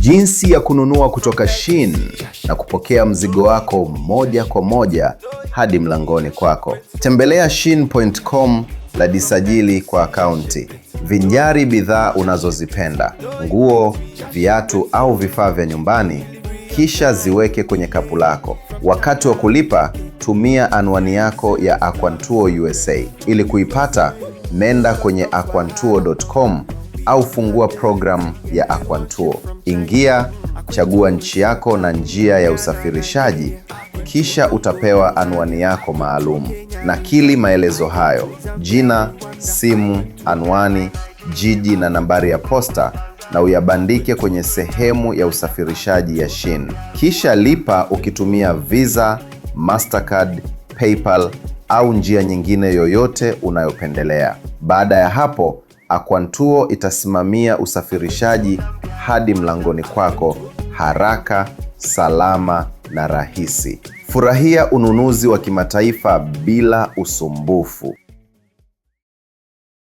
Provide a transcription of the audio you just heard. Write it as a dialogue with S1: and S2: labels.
S1: Jinsi ya kununua kutoka Shein na kupokea mzigo wako moja kwa moja hadi mlangoni kwako. Tembelea shein.com la jisajili kwa akaunti. Vinjari bidhaa unazozipenda, nguo, viatu au vifaa vya nyumbani, kisha ziweke kwenye kapu lako. Wakati wa kulipa tumia anwani yako ya Aquantuo USA. Ili kuipata, nenda kwenye aquantuo.com au fungua programu ya Aquantuo. Ingia, chagua nchi yako na njia ya usafirishaji, kisha utapewa anwani yako maalum. Nakili maelezo hayo: jina, simu, anwani, jiji na nambari ya posta na uyabandike kwenye sehemu ya usafirishaji ya Shin. Kisha lipa ukitumia Visa, Mastercard, PayPal au njia nyingine yoyote unayopendelea. Baada ya hapo Aquantuo itasimamia usafirishaji hadi mlangoni kwako haraka, salama na rahisi. Furahia ununuzi wa kimataifa bila usumbufu.